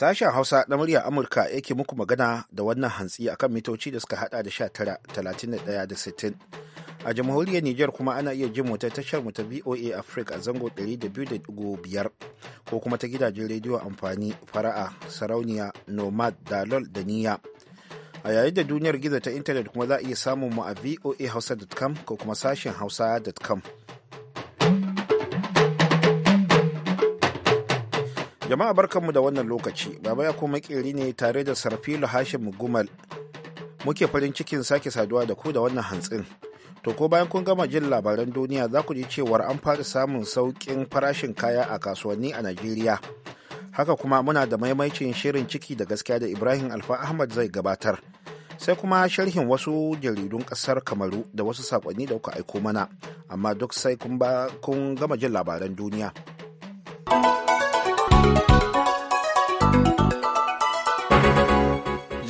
Sashen Hausa na muryar Amurka yake muku magana da wannan hantsi akan mitoci da suka hada da 19, talatin da 60. A jamhuriyar Nijar kuma ana iya jin ta tashar mu ta VOA Africa a zango 200.5 ko kuma ta gidajen rediyo amfani fara'a, sarauniya, nomad, dalol da niya A yayin da duniyar gizo ta intanet kuma za a iya samun mu a voahausa.com ko kuma sashen hausa.com. Jama'a barkanmu da wannan lokaci, Baba ya kuma makeri ne tare da Sarfilu Hashim Gumal. Muke farin cikin sake saduwa da ku da wannan hantsin. To ko bayan kun gama jin labaran duniya za ku ji cewar an fara samun sauƙin farashin kaya a kasuwanni a Najeriya. Haka kuma muna da maimaicin shirin ciki da gaskiya da Ibrahim Alfa Ahmad zai gabatar. Sai kuma sharhin wasu jaridun kasar Kamaru da wasu saƙonni da kuka aiko mana, amma duk sai kun gama jin labaran duniya.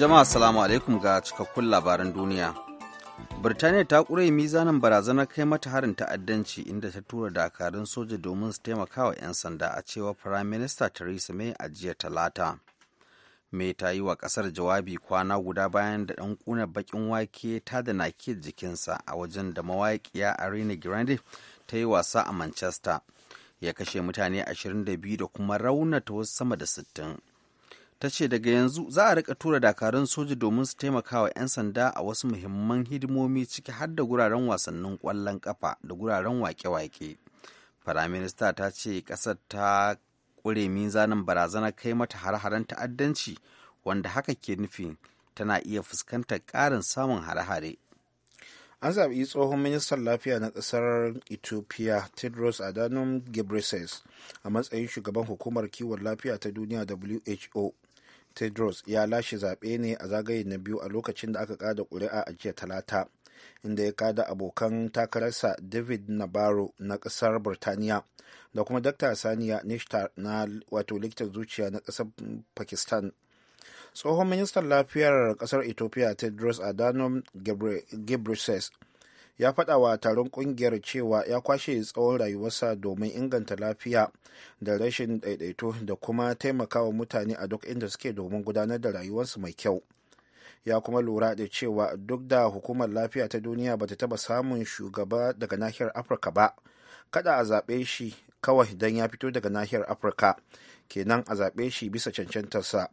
Jama'a salamu alaikum ga cikakkun labaran duniya. Birtaniya ta ƙure mizanin barazanar kai mata harin ta'addanci inda ta tura dakarun soja domin su taimaka wa 'yan sanda a cewa prime minister Theresa May a jiya talata. me ta yi wa kasar jawabi kwana guda bayan da ɗan ƙuna baƙin wake ta da ke jikinsa a wajen da mawaƙiya Arena Grande ta yi wasa a Manchester. Ya kashe mutane 22 da kuma raunata wasu sama da sittin. ta ce daga yanzu za a rika tura dakarun soja domin su taimaka wa 'yan sanda a wasu muhimman hidimomi ciki har da guraren wasannin kwallon kafa da guraren wake-wake. Firaminista ta ce ƙasar ta ƙure mizanin barazanar kai mata har-haren ta'addanci wanda haka ke nufi tana iya fuskantar ƙarin samun hare-hare. An zaɓi tsohon ministan lafiya na ƙasar Ethiopia Tedros Adhanom Ghebreyesus a matsayin shugaban hukumar kiwon lafiya ta duniya WHO. tedros ya lashe zaɓe ne a zagaye na biyu a lokacin da aka kada ƙuri'a a jiya talata inda ya kada abokan takararsa david nabaro na ƙasar birtaniya da kuma dr saniya nishtar na wato likitan zuciya na ƙasar pakistan tsohon ministan lafiyar ƙasar ethiopia tedros adhanom ghebreyesus ya faɗa wa taron ƙungiyar cewa ya kwashe tsawon rayuwarsa domin inganta lafiya da rashin daidaito da kuma taimakawa mutane a duk inda suke domin gudanar da rayuwarsu mai kyau ya kuma lura da cewa duk da hukumar lafiya ta duniya ba ta taba samun shugaba daga nahiyar afirka ba kada a zaɓe shi kawai don ya fito daga nahiyar afirka kenan a zaɓe shi bisa cancantarsa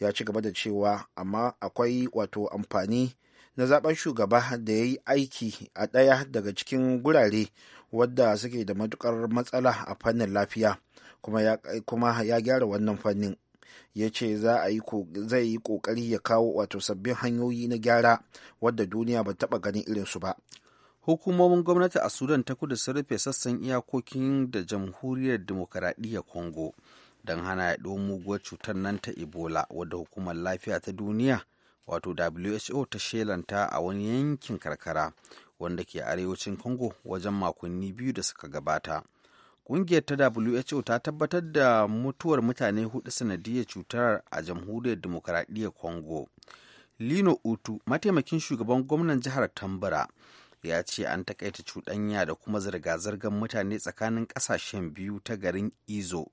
ya ci gaba da cewa amma akwai wato amfani na zaben shugaba da ya yi aiki a ɗaya daga cikin gurare wadda suke da matukar matsala a fannin lafiya kuma ya gyara wannan fannin ya ce zai yi kokari ya kawo wato sabbin hanyoyi na gyara wadda duniya ba taba ganin irinsu ba hukumomin gwamnati a sudan ta kudu sun rufe sassan iyakokin da jamhuriyar demokaradiyyar congo don hana yaɗuwar muguwar cutar nan ta ebola wadda hukumar lafiya ta duniya wato who ta shelanta a wani yankin karkara wanda ke arewacin congo wajen makonni biyu da suka gabata ƙungiyar ta who ta tabbatar da mutuwar mutane hudu sanadiyar cutar a jamhuriyar demokaradiyyar congo lino utu mataimakin shugaban gwamnan jihar tambara ya ce an takaita cuɗanya da kuma zirga-zirgar mutane tsakanin ƙasashen biyu ta garin izo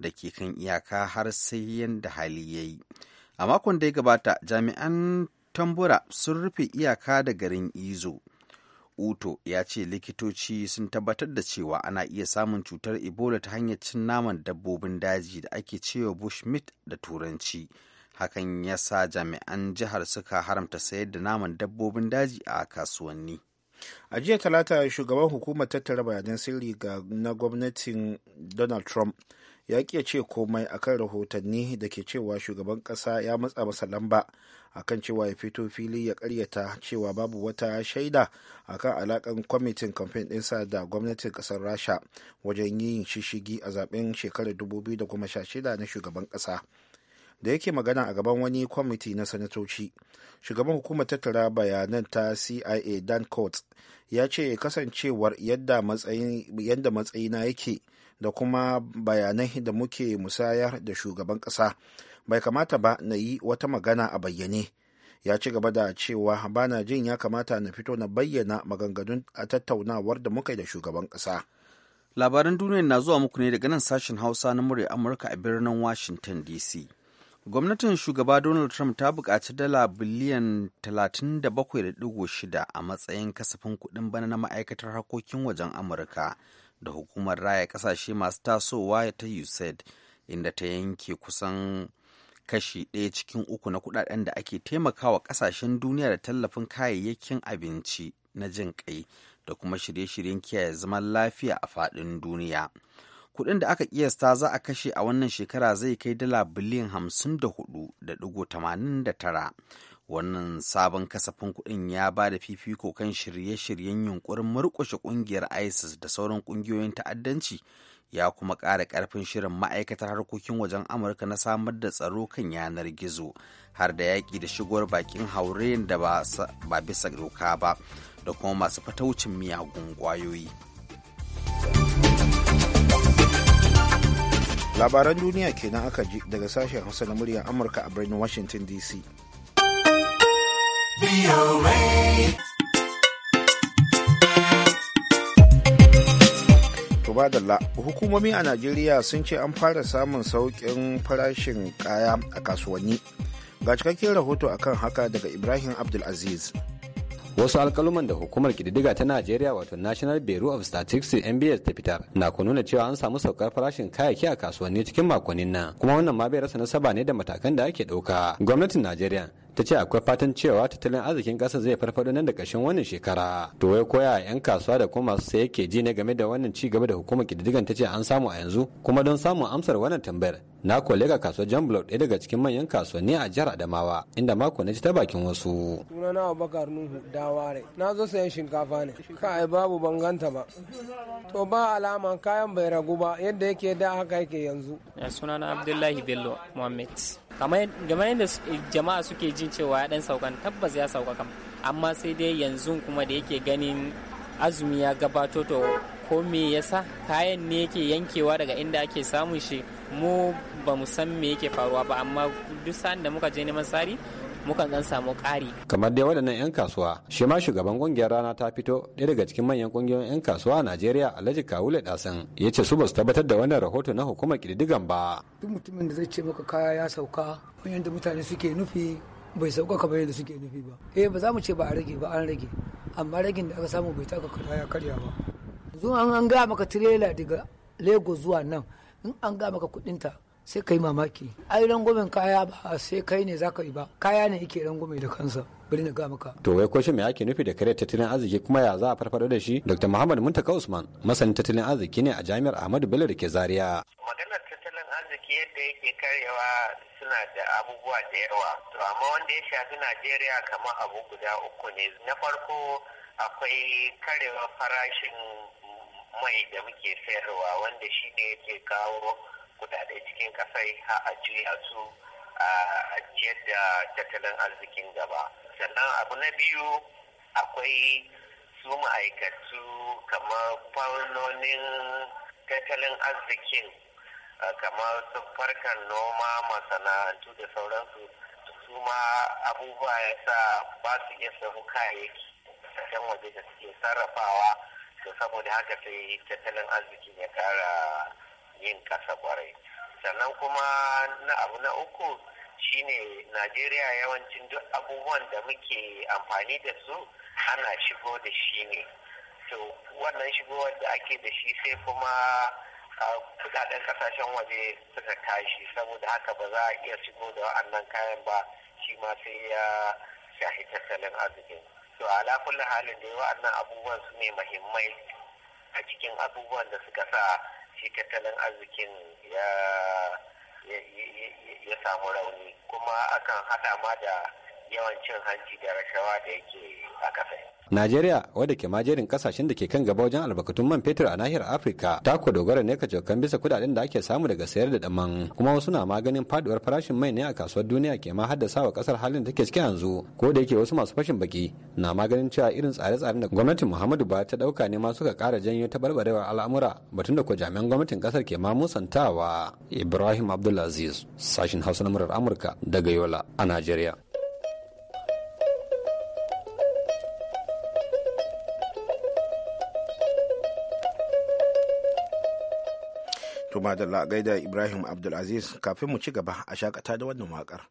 da ke kan iyaka har sai yadda hali ya yi a makon da ya gabata jami'an tambura sun rufe iyaka da garin izo uto ya ce likitoci sun tabbatar da cewa ana iya samun cutar ebola ta hanyar cin naman dabbobin daji da ake cewa bushmeat da turanci hakan ya sa jami'an jihar suka haramta sayar da naman dabbobin daji a kasuwanni a jiya talata shugaban hukumar tattara bayanan sirri na gwamnatin donald trump ya ƙi ce komai akan rahotanni da ke cewa shugaban ƙasa ya matsa masa lamba akan cewa ya fito fili ya karyata cewa babu wata shaida akan alakan kwamitin kamfen ɗinsa da gwamnatin ƙasar rasha wajen yin shishigi a zaben shekarar 2016 na shugaban ƙasa da yake magana a gaban wani kwamiti na sanatoci shugaban hukumar tattara bayanan ta cia dan ya ce kasancewar yadda matsayina yake da kuma bayanai da muke musayar da shugaban ƙasa bai kamata ba na yi wata magana a bayyane ya ci gaba da cewa bana jin ya kamata na fito na bayyana maganganun a tattaunawar da muka yi da shugaban ƙasa labaran duniya na zuwa muku ne daga nan sashen hausa na murya amurka a birnin washington dc gwamnatin shugaba donald trump ta bukaci dala biliyan 37.6 a matsayin kasafin kuɗin bana na ma'aikatar harkokin wajen amurka da hukumar raya kasashe masu tasowa ta usaid inda ta yanke kusan kashi ɗaya cikin uku na kudaden da ake taimakawa kasashen duniya da tallafin kayayyakin abinci na jin kai da kuma shirye-shiryen kiyaye zaman lafiya a faɗin duniya kuɗin da aka ƙiyasta za a kashe a wannan shekara zai kai dala biliyan 54.89 wannan sabon kasafin kuɗin ya ba da fifiko kan shirye-shiryen yunkurin murƙushe ƙungiyar isis da sauran ƙungiyoyin ta'addanci ya kuma ƙara ƙarfin shirin ma'aikatar harkokin wajen amurka na samar da tsaro kan yanar gizo har da yaƙi da shigowar bakin haure da ba bisa doka ba da kuma masu fataucin miyagun ƙwayoyi labaran duniya kenan aka ji daga sashen hausa na muryar amurka a birnin washington dc Badalla, hukumomi a Najeriya sun ce an fara samun sauƙin farashin kaya a kasuwanni. Ga cikakken rahoto kan haka daga Ibrahim Abdulaziz. wasu alkaluman da hukumar kididdiga ta najeriya wato national bureau of statistics nbs ta fitar na ku nuna cewa an samu saukar farashin kayayyaki a kasuwanni cikin makonnin nan kuma wannan ma bai rasa nasaba ne da matakan da ake ɗauka gwamnatin najeriya ta ce akwai fatan cewa tattalin arzikin ƙasa zai farfaɗo nan da ƙarshen wannan shekara to wai koya 'yan kasuwa da kuma masu saye ke ji ne game da wannan ci gaba da hukumar ƙididdigan ta ce an samu a yanzu kuma don samun amsar wannan tambayar na kolega kasuwar jan block ɗaya daga cikin manyan kasuwanni a jihar adamawa inda mako na ji ta bakin wasu sunana abubakar nuhu daware na zo sayan shinkafa ne kai babu banganta ba to ba alama kayan bai ragu ba yadda yake da haka yake yanzu eh, sunana abdullahi bello muhammad kamar yadda eh, jama'a suke jin cewa ya dan saukan tabbas ya sauka kam amma sai dai yanzu kuma da yake ganin azumi ya gabato to ko me yasa kayan ne yake yankewa daga inda ake samun shi mu ba mu san me yake faruwa ba amma duk sa'an da muka je neman sari mukan dan samu ƙari. Kamar dai waɗannan 'yan kasuwa, shi ma shugaban ƙungiyar rana ta fito ɗaya daga cikin manyan ƙungiyoyin 'yan kasuwa a Najeriya Alhaji Kawule Dasan ya ce su basu su tabbatar da wannan rahoto na hukumar ƙididdigan ba. Duk mutumin da zai ce maka kaya ya sauka, da mutane suke nufi bai sauka kamar yadda suke nufi ba. Eh ba za mu ce ba a rage ba an rage, amma ragin da aka samu bai taka kaya karya ba. Zuwa an ga maka tirela daga Lagos zuwa nan, in an ga maka kuɗinta sai ka yi mamaki ai rangwamen kaya ba sai kai ne zaka yi ba kaya ne yake rangwame da kansa bari na ga maka to wai kwashe me ake nufi da kare tattalin arziki kuma ya za a farfado da shi dr muhammad muntaka usman masanin tattalin arziki ne a jami'ar ahmadu bello da ke zaria maganar tattalin arziki yadda yake karewa suna da abubuwa da yawa to amma wanda ya shafi najeriya kamar abu guda uku ne na farko akwai karewa farashin mai da muke sayarwa wanda shi ne yake kawo kudade cikin kasai a juya su a da tattalin arzikin gaba sannan abu na biyu akwai su ma'aikatu kamar faunonin tattalin arzikin kamar su farkar noma masana'antu da sauransu su ma abubuwa ya sa ba su iya samu kayayyaki can waje da suke sarrafawa to saboda haka sai tattalin arziki ya kara yin kasa kwarai sannan kuma na abu na uku shine najeriya yawancin duk abubuwan da muke amfani da su ana shigo da shi ne to wannan shigowar da ake da shi sai kuma kudaden kasashen waje suka tashi saboda haka ba za a iya shigo da wa'annan kayan ba shi ma sai ya shahi tattalin arzikin to ala kullum halin da wa'annan abubuwan su ne mahimmai a cikin abubuwan da suka sa shi tattalin arzikin ya samu rauni kuma akan hada ma da yawan hanci da rashawa da yake a kafa. Najeriya wadda ke majerin kasashen da ke kan gaba wajen albarkatun man fetur a nahiyar Afirka ta ku dogara ne kacokan bisa kudaden da ake samu daga sayar da daman kuma wasu na maganin faduwar farashin mai ne a kasuwar duniya ke ma haddasa wa kasar halin da take ciki yanzu ko da yake wasu masu fashin baki na maganin cewa irin tsare-tsaren da gwamnatin Muhammadu Buhari ta dauka ne ma suka kara janyo ta barbarewar al'amura batun da ko jami'an gwamnatin kasar ke ma musantawa Ibrahim Abdulaziz sashin Hausa na Amurka daga Yola a Najeriya. To madalla gaida Ibrahim Abdulaziz kafin mu ci gaba a shakata da wannan waƙar.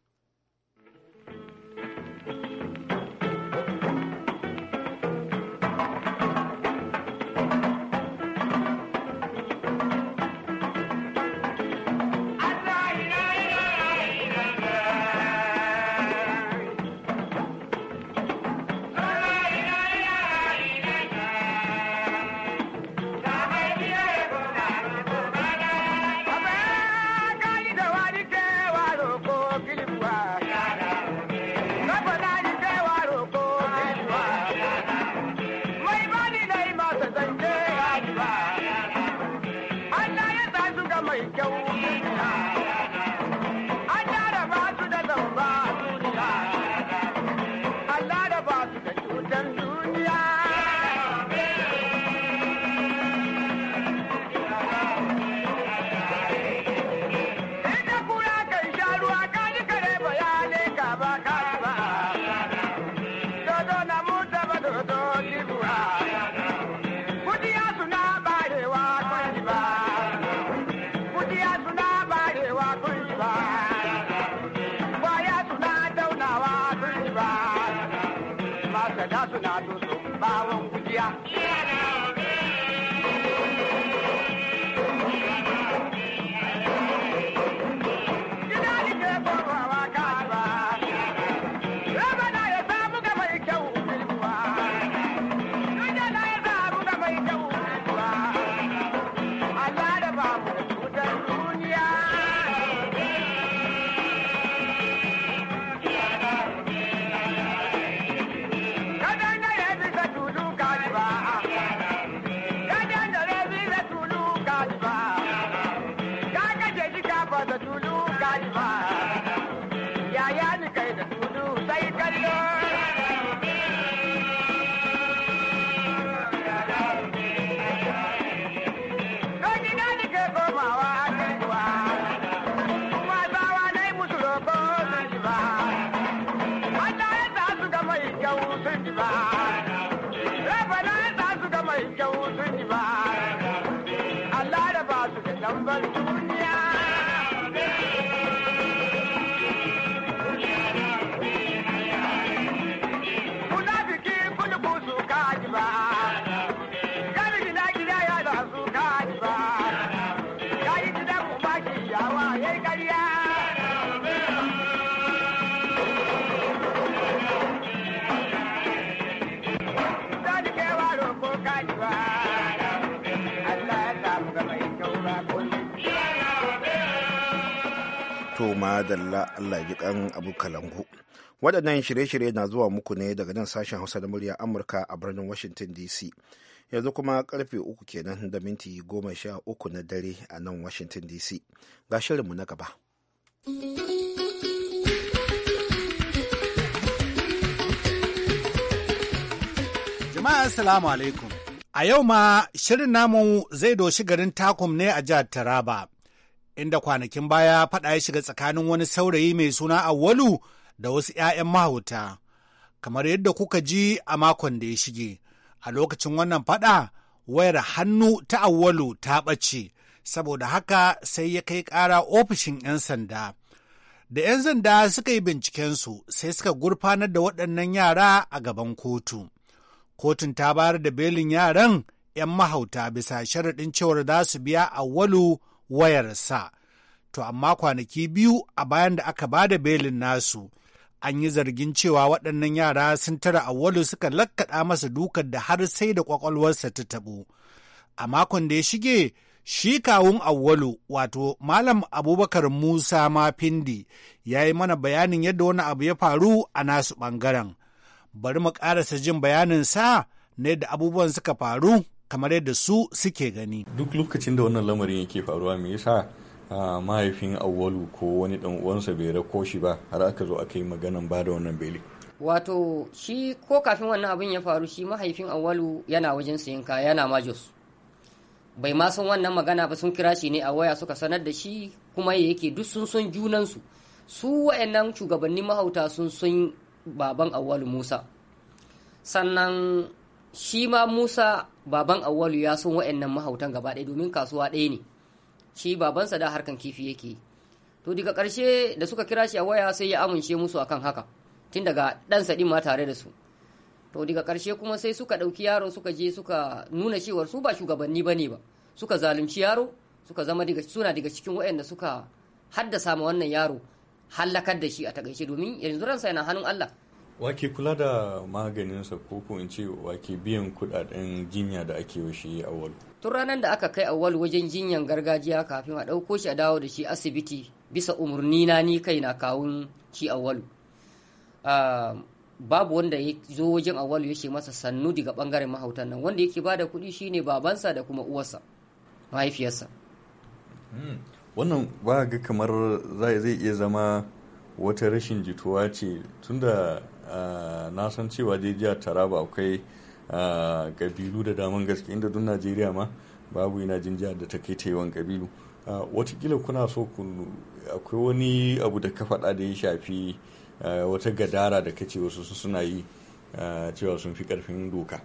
madalla Allah ji kan abu kalangu waɗannan shirye-shirye na zuwa muku ne daga nan sashen hausa da murya amurka a birnin washington dc yanzu kuma karfe uku kenan da minti goma sha uku na dare a nan washington dc ga shirinmu na gaba jama'a assalamu alaikum a yau ma shirin namu zai doshi garin takum ne a jihar taraba inda kwanakin baya faɗa ya shiga tsakanin wani saurayi mai suna Auwalu da wasu 'ya'yan mahauta, kamar yadda kuka ji a makon da ya shige. A lokacin wannan faɗa, wayar hannu ta Auwalu ta ɓace, saboda haka sai ya kai ƙara ofishin 'yan sanda. Da 'yan sanda suka yi bincikensu sai suka gurfanar da waɗannan yara a gaban kotu. Kotun ta bayar da belin yaran 'yan mahauta bisa sharaɗin cewar za su biya Auwalu wayarsa. To amma kwanaki biyu a bayan da aka bada belin nasu, an yi zargin cewa waɗannan yara sun tara awwalu suka lakkaɗa masa dukan da har sai da ƙwaƙwalwarsa ta taɓo. A makon da ya shige, shi kawun awwalu wato Malam Abubakar Musa Mafindi ya yi mana bayanin yadda wani abu ya faru a nasu ɓangaren. Bari mu ƙarasa jin bayaninsa sa na yadda abubuwan suka faru kamar yadda su suke gani. Duk lokacin da wannan lamarin yake faruwa me yasa mahaifin awwalu ko wani dan uwansa bai rako shi ba har aka zo aka yi maganan ba da wannan beli. Wato shi ko kafin wannan abin ya faru shi mahaifin awwalu yana wajen sayan kaya yana ma Bai ma san wannan magana ba sun kira shi ne a waya suka sanar da shi kuma yake duk sun son junansu. Su wa'annan shugabannin mahauta sun son baban awwalu Musa. Sannan shi ma musa baban auwalu ya san wa'annan mahautan gaba ɗaya domin kasuwa ɗaya ne shi babansa da harkan kifi yake to daga ƙarshe da suka kira shi a waya sai ya amince musu akan haka tun daga ɗan ɗin ma tare da su to daga ƙarshe kuma sai suka ɗauki yaro suka je suka nuna cewar su ba shugabanni ba ne ba suka zalunci yaro suka zama suna daga cikin waɗanda suka haddasa ma wannan yaro hallakar da shi a taƙaice domin yanzu ransa yana hannun Allah wake kula da maganinsa ko ko in ce wake biyan kudaden jinya da ake wa shi awal tun ranar da aka kai awal wajen jinyan gargajiya kafin a ɗauko shi a dawo da shi asibiti bisa umarni na ni kai na kawun shi awal ah, babu wanda ya zo wajen awal ya ce masa sannu daga bangaren mahautan nan wanda yake bada kuɗi shine babansa da kuma uwarsa mahaifiyarsa hmm. wannan ba ga kamar zai iya zama wata rashin jituwa ce tunda Eh, na san cewa dai jiya taraba akwai kabilu eh, da daman gaske inda duk najeriya ma babu ina jin jihar da ta kai ta yawan kabilu eh, watakila kuna so ku akwai wani abu da ka faɗa da ya shafi wata gadara da kace wasu suna yi cewa sun fi karfin doka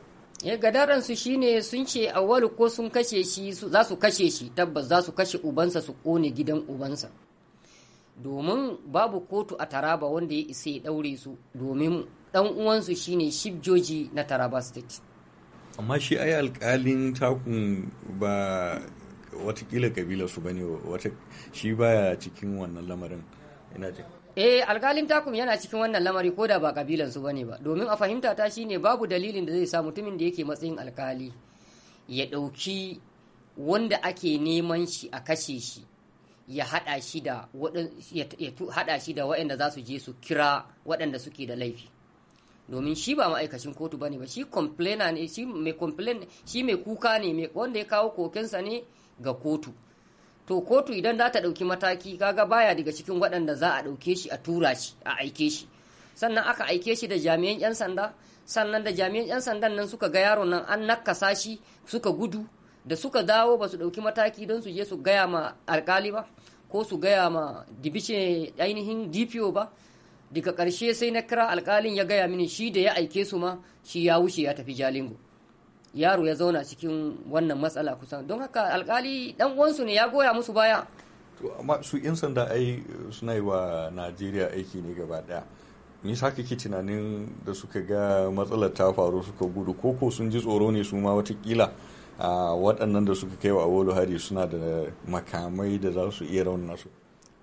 gadaran su shine sun ce awwalu ko sun kashe shi za su kashe shi tabbas za su kashe ubansa su kone gidan ubansa domin babu kotu a taraba wanda ya isa ya daure su domin dan uwansu shine shif joji na taraba state amma shi ai alkalin takun ba watakila kabila su bane wata shi baya cikin wannan lamarin ina ji eh alkalin takum yana cikin wannan lamari ko da ba kabilan su bane ba domin a fahimta ta shine babu dalilin da zai sa mutumin da yake matsayin alkali ya ɗauki wanda ake neman shi a kashe shi ya hada shi da shi waɗanda za su je su kira waɗanda suke da laifi domin shi ba ma'aikacin kotu bane ba shi complainer ne shi mai complain shi mai kuka ne wanda ya kawo kokensa ne ga kotu to kotu idan za ta dauki mataki kaga baya daga cikin waɗanda za a dauke shi a tura shi a aike shi sannan aka aike shi da jami'an 'yan sanda sannan da jami'an 'yan sandan nan suka ga yaron nan an nakasa shi suka gudu da suka dawo ba su ɗauki mataki don su je su gaya ma alkali ba ko su gaya ma dibishin ainihin dpo ba daga ƙarshe sai na kira alkalin ya gaya mini shi da ya aike su ma shi ya wuce ya tafi jalingo yaro ya zauna cikin wannan matsala kusan don haka alkali dan uwansu ne ya goya musu baya to amma su yan sanda ai suna yi wa najeriya aiki ne gaba daya ni sa kake tunanin da suka ga matsalar ta faru suka gudu koko sun ji tsoro ne su ma watakila waɗannan da suka kai wa Awolu hari suna da makamai da za su iya raunin su.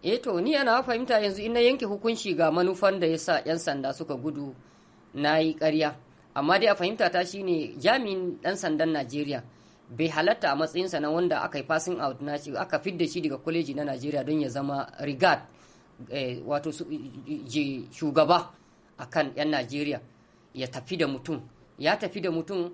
Eh to ni ana fahimta yanzu in na yanke hukunci ga manufan da ya sa 'yan sanda suka gudu na yi ƙarya. Amma dai a fahimta ta shine jami'in dan sandan Najeriya bai halatta a matsayinsa na wanda aka yi passing out na shi aka fidda shi daga kwaleji na Najeriya don ya zama regard eh, wato shugaba kan 'yan Najeriya ya tafi da mutum ya tafi da mutum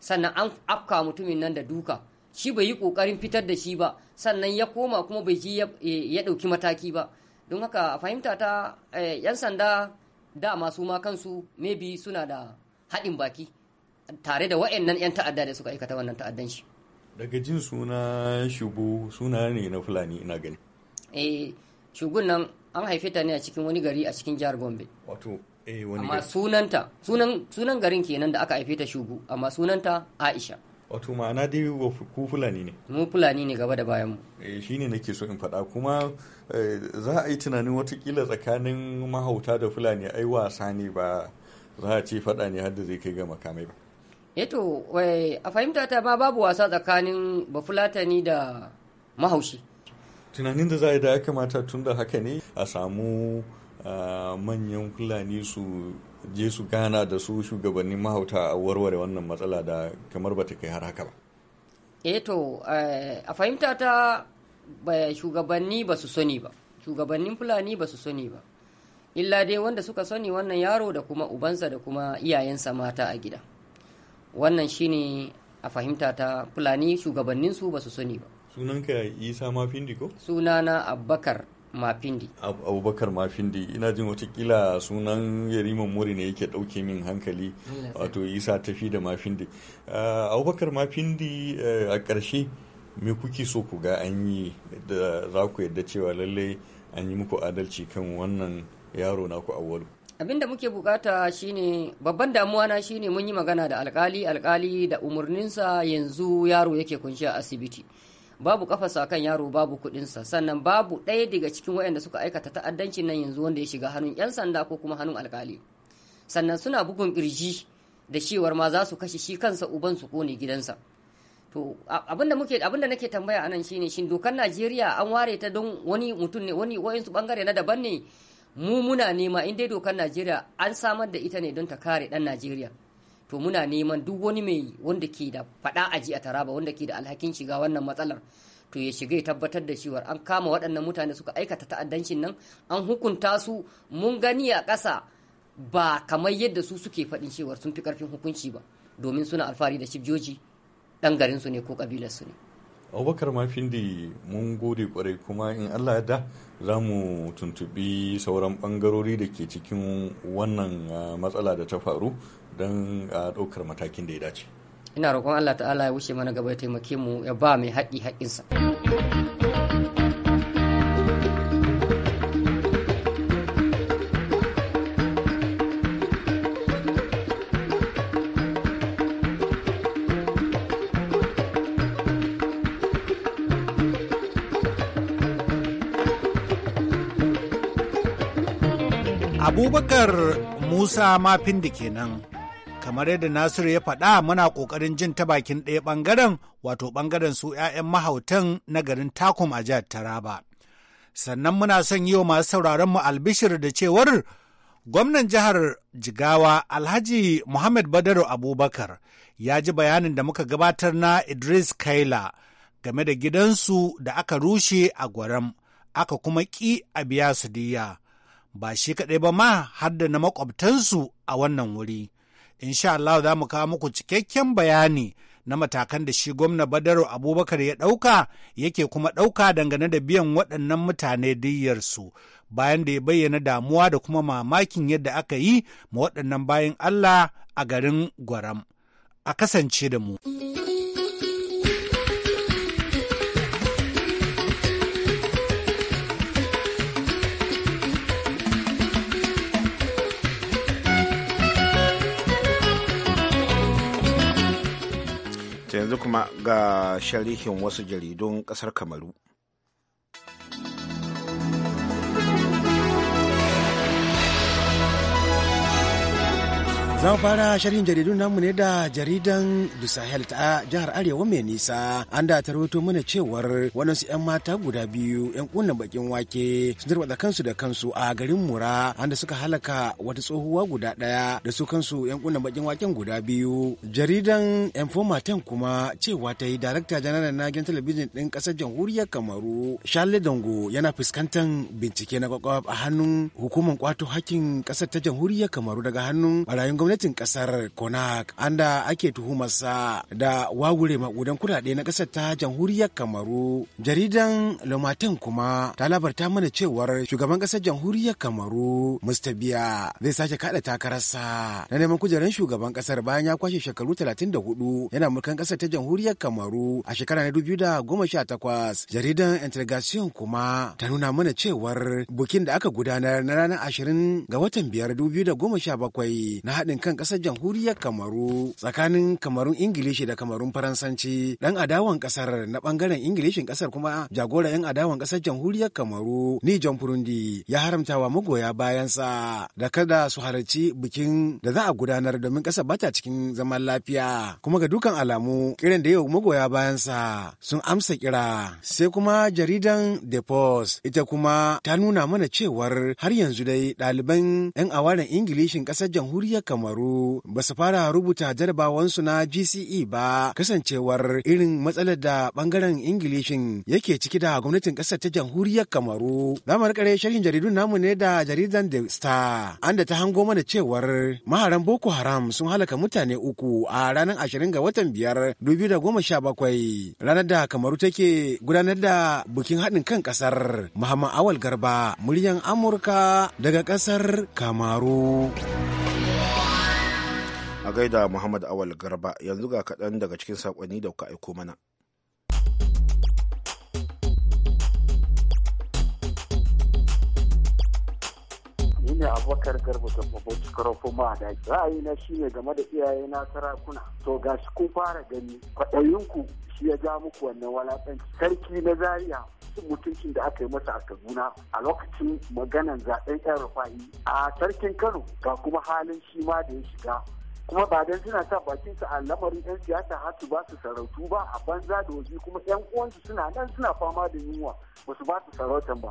sannan an afka mutumin nan da duka shi bai yi kokarin fitar da shi ba sannan ya koma kuma bai ji ya dauki mataki ba don haka fahimta ta eh, yan sanda da masu ma kansu maybe suna da haɗin baki tare da wa'annan 'yan ta'adda da suka aikata wannan ta'addan shi daga jin suna shugo suna ne na fulani ina gani eh shugun nan an haife ta ne a cikin wani gari a cikin jihar gombe wato Eh, amma sunanta sunan sunan garin kenan da aka haife ta shugu amma sunanta Aisha wato ma'ana dai ku fulani ne mu fulani ne gaba da bayan mu eh shine nake so in faɗa kuma eh, za a yi tunanin watakila tsakanin mahauta da fulani ai wasa ne ba za a ce faɗa ne har da zai kai ga makamai ba eto eh a fahimta ta ma babu wasa tsakanin bafulatani da mahaushi tunanin da za a yi da ya kamata tun da haka ne a samu manyan fulani su je su gana da su shugabannin mahauta a warware wannan matsala da kamar bata kai har haka ba E, to a fahimta ta shugabanni ba su sani ba shugabannin fulani ba su sani ba illa dai wanda suka sani wannan yaro da kuma ubansa da kuma iyayensa mata a gida wannan shine a fahimta ta fulani shugabanninsu ba su sani ba sunanka isa mafindi ko sunana Abubakar mafindi abubakar mafindi ina jin watakila sunan yariman mori ne yake dauke min hankali wato isa tafi da mafindi ah, abubakar mafindi eh, a ƙarshe me kuke so ku ga an yi da za ku yadda cewa lallai an yi muku adalci kan wannan yaro naku awwalu abin da muke bukata shine babban damuwa na shine mun yi magana da alkali alkali da umarninsa yanzu yaro yake kunshi a asibiti babu kafarsa kan yaro babu kudinsa sannan babu ɗaya daga cikin waɗanda suka aikata ta'addanci nan yanzu wanda ya shiga hannun 'yan sanda ko kuma hannun alkali sannan suna bugun kirji da cewar ma za su kashe shi kansa uban su kone gidansa to abinda muke abinda nake tambaya anan shine shin dokar Najeriya an ware ta don wani mutum ne wani su bangare na daban ne mu muna nema in dai dokar Najeriya an samar da ita ne don ta kare dan Najeriya to muna neman duk wani mai wanda ke da faɗa aji a taraba wanda ke da alhakin shiga wannan matsalar to ya shiga ya tabbatar da cewa an kama waɗannan mutane suka aikata ta'addancin nan an hukunta su mun gani a ƙasa ba kamar yadda su suke faɗin cewar sun fi ƙarfin hukunci ba domin suna alfahari da shibjoji ɗan garinsu ne ko su ne. abubakar mafindi mun gode kwarai kuma in allah ya da za mu tuntubi sauran bangarori da ke cikin wannan ah, matsala da ta faru don a ah, ɗaukar matakin da ya dace ina roƙon allah ta'ala ya wuce mana gaba ya taimake mu ya ba mai haƙi haƙinsa abubakar musa mafin da kenan kamar yadda nasiru ya faɗa muna ƙoƙarin jin ta bakin ɗaya ɓangaren wato ɓangaren su 'ya'yan mahautan na garin takum a jihar taraba sannan muna son yi wa masu sauraron mu albishir da cewar gwamnan jihar jigawa alhaji muhammad badaru abubakar ya ji bayanin da muka gabatar na idris kaila game da gidansu da aka rushe a gwaram aka kuma ƙi a biya su diya ba shi kaɗai ba ma har da na makwabtansu a wannan wuri. insha Allah za mu kawo muku cikakken bayani na matakan da shi gwamna badaro Abubakar ya ɗauka yake kuma ɗauka dangane da biyan waɗannan mutane diyyarsu bayan da ya bayyana damuwa da kuma mamakin yadda aka yi ma waɗannan bayan Allah a garin Gwaram. A kasance da mu. yanzu kuma ga sharihin wasu jaridun ƙasar kamaru Za mu fara shirin jaridun namu ne da jaridan sahel ta jihar Arewa mai nisa. An da ta rawaito mana cewar waɗansu 'yan mata guda biyu 'yan kunnan bakin wake sun da kansu da kansu a garin Mura an da suka halaka wata tsohuwa guda ɗaya da su kansu 'yan kunnan bakin waken guda biyu. Jaridan Informa 10 kuma cewa ta yi Darakta Janaral na gidan talabijin ɗin ƙasar jamhuriyar Kamaru Charles Dango yana fuskantar bincike na kwakwaf a hannun hukumar kwato hakkin ƙasar ta jamhuriyar Kamaru daga hannun barayin gwamnati gwamnatin kasar konak anda ake tuhumarsa da wagure makudan kudade na ƙasar ta jamhuriyar kamaru jaridan lomatin kuma ta labarta mana cewar shugaban ƙasar jamhuriyar kamaru musta biya zai sake kada takararsa na neman kujerar shugaban ƙasar bayan ya kwashe shekaru 34 yana mulkan kasar ta jamhuriyar kamaru a shekara na 2018 jaridan integration kuma ta nuna mana cewar bukin da aka gudanar na ranar 20 ga watan 5 2017 na haɗin kan kasar jamhuriyar Kamaru tsakanin Kamarun Ingilishi da Kamarun Faransanci ɗan adawan ƙasar na bangaren Ingilishin kasar kuma jagora 'yan adawan ƙasar jamhuriyar Kamaru ni John Furundi ya haramtawa magoya bayansa da kada su halarci bikin da za a gudanar domin kasar bata cikin zaman lafiya kuma ga dukan alamu kiran da yau magoya bayansa sun amsa kira sai kuma jaridan The Post ita kuma ta nuna mana cewar har yanzu dai ɗaliban 'yan awaren Ingilishin ƙasar jamhuriyar Kamaru kamaru ba su fara rubuta jarabawansu na gce ba kasancewar irin matsalar da bangaren ingilishin yake ciki da gwamnatin ƙasar ta jamhuriyar kamaru lamar kare rikare sharhin jaridun namu ne da jaridan the star an da ta hango mana cewar maharan boko haram sun halaka mutane uku a ranar ashirin ga watan biyar dubu da goma sha bakwai ranar da kamaru take gudanar da bukin haɗin kan ƙasar muhammad awal garba muryan amurka daga ƙasar kamaru. a gaida muhammad awal garba yanzu ga kaɗan daga cikin sakonni da kuka aiko mana ne abokar garba da baboci karofo ma da ra'ayi na shine game da iyaye na sarakuna to ga shi kun fara gani kwaɗayinku shi ya ja muku wannan walaƙanci sarki na zaria mutuncin da aka yi masa a kaduna a lokacin maganan zaɓen yan rufa'i a sarkin kano ga kuma halin shi ma da ya shiga kuma ba dan suna sa bakin su a lamarin yan siyasa har su ba su sarautu ba a banza da waje kuma yan uwansu suna nan suna fama da yunwa ba su ba su sarautan ba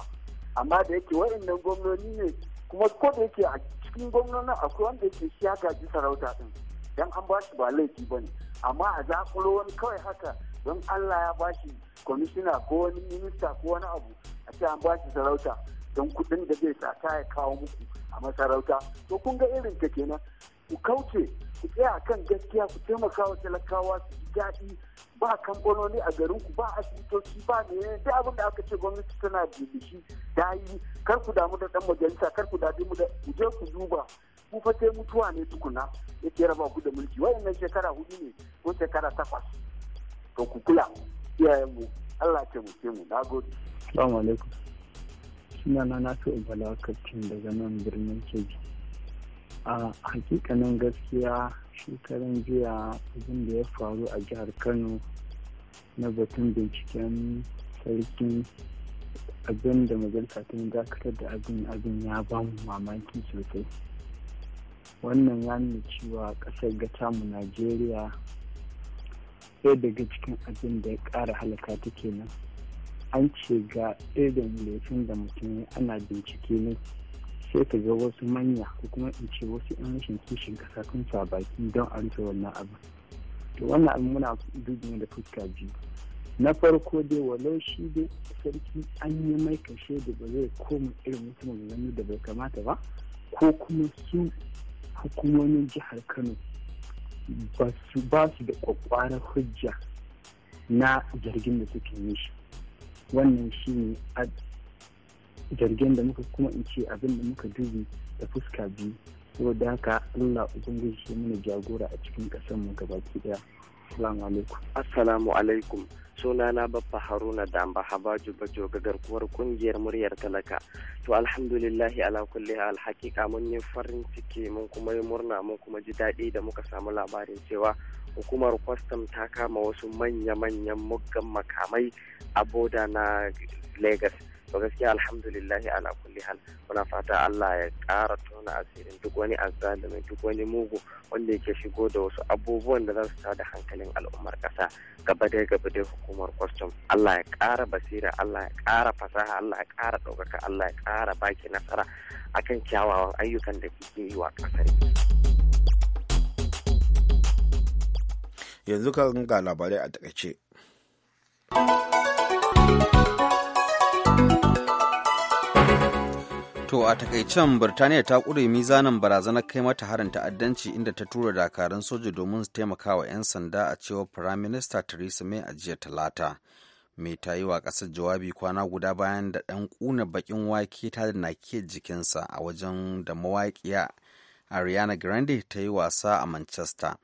amma da yake wayannan gwamnoni ne kuma ko da yake a cikin gwamnonin akwai wanda yake shi ya ji sarauta din dan an ba shi ba laifi ba ne amma a zakulo wani kawai haka don Allah ya ba shi kwamishina ko wani minista ko wani abu a ce an ba shi sarauta don kuɗin da zai sa ta ya kawo muku a masarauta to kun ga irin ta kenan ku kauce ku tsaya a kan gaskiya ku taimaka wa talakawa su ji daɗi ba kamfanoni a garin ku ba asibitoci ba ne da abin da aka ce gwamnati tana da shi da yi kar ku damu da dan majalisa kar ku damu da ku je ku duba ku fa sai mutuwa ne tukuna yake raba ku da mulki wayannan shekara hudu ne ko shekara takwas to ku kula mu Allah ce mu ce mu nagode assalamu alaikum sunana na so in daga nan birnin keji a hakikanin gaskiya shekaran jiya abin da ya faru a jihar kano na batun binciken sarkin abin da majalisa ta dakatar da abin abin ya ba mu mamaki sosai wannan ya nuna cewa kasar ga tamu najeriya ɗaya daga cikin abin da ya ƙara halaka ta kenan an ce ga irin laifin da mutum ana bincike ne sai ka ga wasu manya ko kuma in ce wasu yan rashin kishin kasa kan sa baki don a rufe wannan abu to wannan abu muna dubin da fuska biyu na farko dai walau shi dai sarki an yi mai kashe da ba zai koma irin mutumin wani da bai kamata ba ko kuma su hukumomin jihar kano ba su da kwakwarar hujja na jirgin da suke yi shi wannan shi ne jirgin da muka kuma in ce abin da muka dubi da fuska biyu saboda haka Allah ubangiji ya mana jagora a cikin ƙasar mu gabaki daya assalamu alaikum assalamu alaikum na baffa haruna damba habaju bajo ga garkuwar kungiyar muryar talaka to alhamdulillahi ala kulli hal hakika mun yi farin ciki mun kuma yi murna mun kuma ji daɗi da muka samu labarin cewa hukumar kwastam ta kama wasu manya-manyan muggan makamai a boda na lagos to gaskiya alhamdulillah ala kulli hal muna fata Allah ya ƙara tona asirin duk wani azzalumi duk wani mugu wanda yake shigo da wasu abubuwan da za su tada hankalin al'ummar ƙasa gaba dai gaba da hukumar kwastom Allah ya ƙara basira Allah ya ƙara fasaha Allah ya ƙara ɗaukaka Allah ya ƙara baki nasara akan kyawawan ayyukan da kike yi wa ƙasar yanzu kan ga labarai a takaice. To a takaicen Birtaniya ta ƙure mizanin barazanar kai mata harin ta'addanci inda ta tura dakarun soja domin su taimaka wa 'yan sanda a cewar Firayim Minista Theresa May a jiya Talata. Mai ta yi wa ƙasar jawabi kwana guda bayan da ɗan ƙuna baƙin wake ta da ke jikinsa a wajen da mawaƙiya ariana grande ta yi wasa a manchester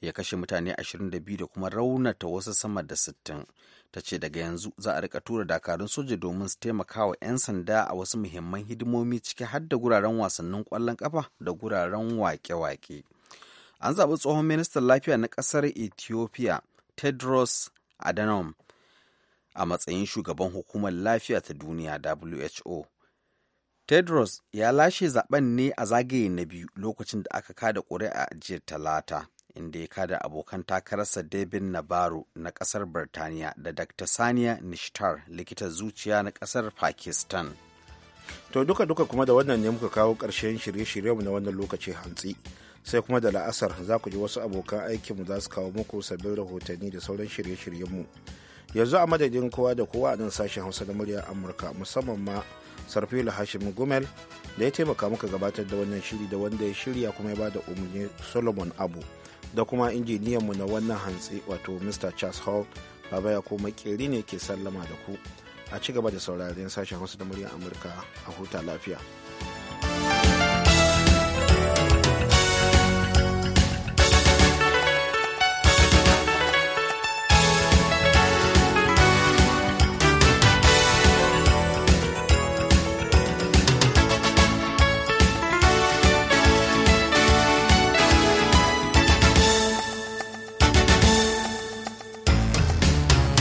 ya kashe mutane 22 da kuma raunata wasu sama da 60 ta ce daga yanzu za a rika tura dakarun soja domin su taimaka wa 'yan sanda a wasu muhimman hidimomi ciki har da guraren wasannin kwallon kafa da guraren wake-wake an zaɓi tsohon ministan lafiya na ƙasar ethiopia tedros adhanom a matsayin shugaban hukumar lafiya ta duniya who Tedros ya lashe zaben ne a zagaye na biyu lokacin da aka kada ƙuri'a a jiya talata, inda ya kada abokan takararsa David nabaru na ƙasar Birtaniya da Dr. Saniya Nishtar likita zuciya na kasar Pakistan. To duka-duka kuma da wannan ne muka kawo ƙarshen shirye-shiryenmu na wannan lokaci hantsi. Sai kuma da la'asar za ku ji wasu abokan aikinmu za su kawo muku sabbin rahotanni da sauran shirye-shiryenmu. Yanzu a madadin kowa da kowa a nan sashen Hausa na murya Amurka musamman ma sarfila hashim gumel da ya taimaka muka gabatar da wannan shiri da wanda ya shirya kuma ya bada umarni solomon abu da kuma injiniyanmu na wannan hantsi wato mr charles hall baba ya ko makeri ne ke sallama da ku a ci gaba da sauraren sashen hausa da muryar amurka a huta lafiya.